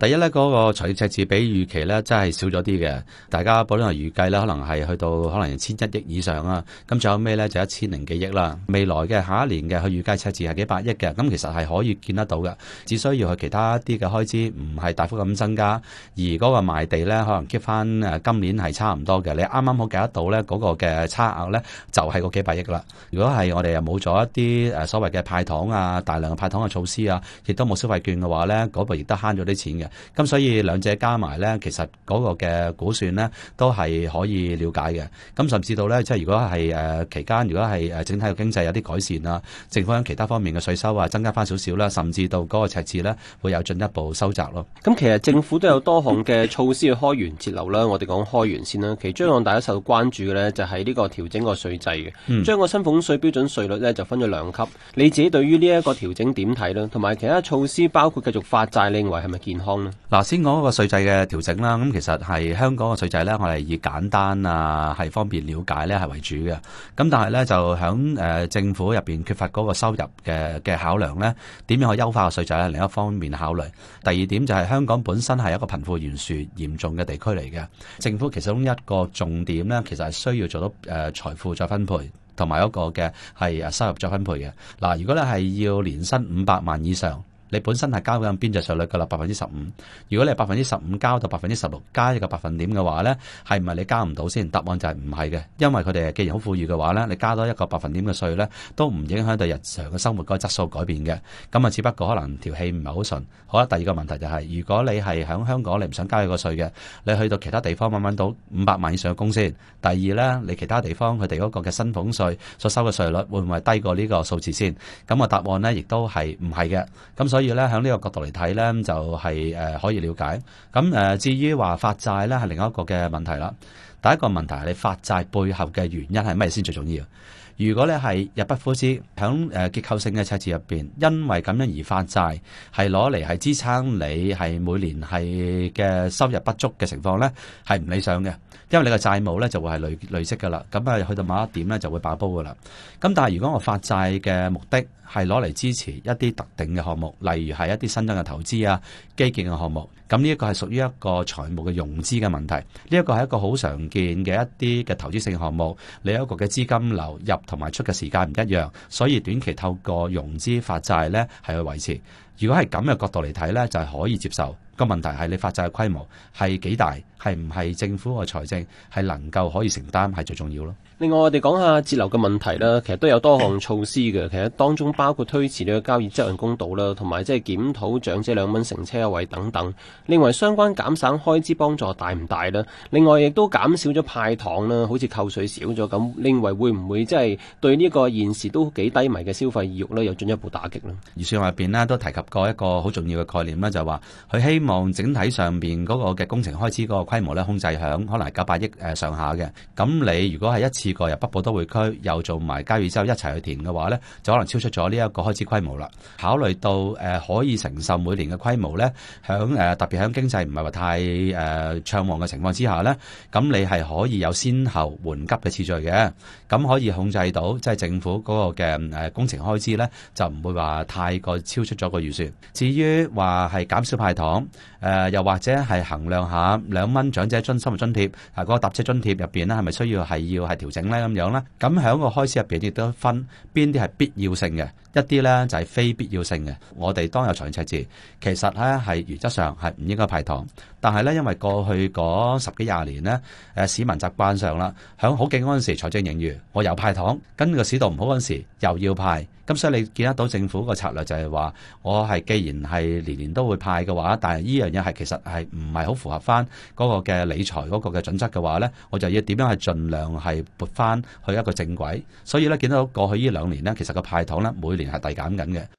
第一咧，嗰、那個財政赤字比預期咧，真係少咗啲嘅。大家本來預計咧，可能係去到可能千一億以上啊。咁仲有咩咧？就一千零幾億啦。未來嘅下一年嘅，去預計赤字係幾百億嘅。咁其實係可以見得到嘅，只需要佢其他啲嘅開支唔係大幅咁增加，而嗰個賣地咧，可能 keep 翻誒，今年係差唔多嘅。你啱啱好計得到咧，嗰個嘅差額咧，就係個幾百億啦。如果係我哋又冇咗一啲誒所謂嘅派糖啊，大量嘅派糖嘅措施啊，亦都冇消費券嘅話咧，嗰度亦都慳咗啲錢嘅。咁所以兩者加埋呢，其實嗰個嘅估算呢，都係可以了解嘅。咁甚至到呢，即係如果係誒、呃、期間，如果係誒整體嘅經濟有啲改善啦，政府喺其他方面嘅稅收啊增加翻少少啦，甚至到嗰個赤字呢，會有進一步收窄咯。咁其實政府都有多項嘅措施去開源節流啦。我哋講開源先啦，其中一個大家受到關注嘅呢，就係、是、呢個調整個稅制嘅，將個薪俸稅標準稅率呢，就分咗兩級。你自己對於呢一個調整點睇咧？同埋其他措施包括繼續發債，你認為係咪健康？嗱，先講嗰個稅制嘅調整啦。咁其實係香港嘅稅制咧，我哋以簡單啊，係方便了解咧係為主嘅。咁但係咧就響誒政府入邊缺乏嗰個收入嘅嘅考量咧，點樣去優化個稅制咧，另一方面考慮。第二點就係香港本身係一個貧富懸殊嚴重嘅地區嚟嘅。政府其中一個重點咧，其實係需要做到誒財富再分配，同埋一個嘅係收入再分配嘅。嗱，如果咧係要年薪五百萬以上。你本身係交緊邊隻稅率嘅啦，百分之十五。如果你係百分之十五交到百分之十六加一個百分點嘅話呢，係唔係你交唔到先？答案就係唔係嘅，因為佢哋既然好富裕嘅話呢，你加多一個百分點嘅稅呢，都唔影響對日常嘅生活個質素改變嘅。咁啊，只不過可能條氣唔係好順。好啦，第二個問題就係，如果你係喺香港你唔想交一個稅嘅，你去到其他地方揾唔揾到五百萬以上嘅工先？第二呢，你其他地方佢哋嗰個嘅薪俸稅所收嘅稅率會唔會低過呢個數字先？咁啊，答案呢，亦都係唔係嘅。咁所所以咧，喺呢個角度嚟睇咧，就係誒可以了解。咁誒，至於話發債咧，係另外一個嘅問題啦。第一個問題係你發債背後嘅原因係乜嘢先最重要？如果你係入不敷支，響誒結構性嘅赤字入邊，因為咁樣而發債，係攞嚟係支撐你係每年係嘅收入不足嘅情況呢，係唔理想嘅。因為你個債務呢就會係累累積噶啦，咁啊去到某一點呢就會爆煲噶啦。咁但係如果我發債嘅目的係攞嚟支持一啲特定嘅項目，例如係一啲新增嘅投資啊基建嘅項目，咁呢一個係屬於一個財務嘅融資嘅問題，呢一個係一個好常。建嘅一啲嘅投資性項目，你有一個嘅資金流入同埋出嘅時間唔一樣，所以短期透過融資發債咧，係去維持。如果係咁嘅角度嚟睇咧，就係可以接受。個問題係你發債嘅規模係幾大，係唔係政府嘅財政係能夠可以承擔係最重要咯。另外我哋講下節流嘅問題啦，其實都有多項措施嘅，其實當中包括推遲呢個交椅洲人工島啦，同埋即係檢討長者兩蚊乘車優惠等等。另外，相關減省開支幫助大唔大咧？另外亦都減少咗派糖啦，好似扣稅少咗咁，另外，會唔會即係對呢個現時都幾低迷嘅消費意欲呢？有進一步打擊呢？預算入邊呢，都提及過一個好重要嘅概念啦，就話佢希望望整體上邊嗰個嘅工程開支嗰個規模咧，控制響可能係九百億誒上下嘅。咁你如果係一次過入北部都會區又做埋交椅洲之後一齊去填嘅話咧，就可能超出咗呢一個開支規模啦。考慮到誒可以承受每年嘅規模咧，響誒特別響經濟唔係話太誒暢旺嘅情況之下咧，咁你係可以有先後緩急嘅次序嘅，咁可以控制到即係政府嗰個嘅誒工程開支咧，就唔會話太過超出咗個預算。至於話係減少派糖。誒、呃，又或者係衡量下兩蚊長者津、新嘅津貼，啊，嗰、那個搭車津貼入邊咧，係咪需要係要係調整咧？咁樣咧，咁響個開支入邊亦都分邊啲係必要性嘅，一啲咧就係、是、非必要性嘅。我哋當有財政赤字，其實咧係原則上係唔應該派糖，但係咧因為過去嗰十幾廿年咧，誒、啊、市民習慣上啦，響好景嗰陣時財政盈餘，我又派糖；跟住個市道唔好嗰陣時候又要派。咁所以你見得到政府個策略就係話，我係既然係年年都會派嘅話，但係。呢樣嘢係其實係唔係好符合翻嗰個嘅理財嗰個嘅準則嘅話咧，我就要點樣係盡量係撥翻去一個正軌。所以咧，見到過去呢兩年咧，其實個派糖咧每年係遞減緊嘅。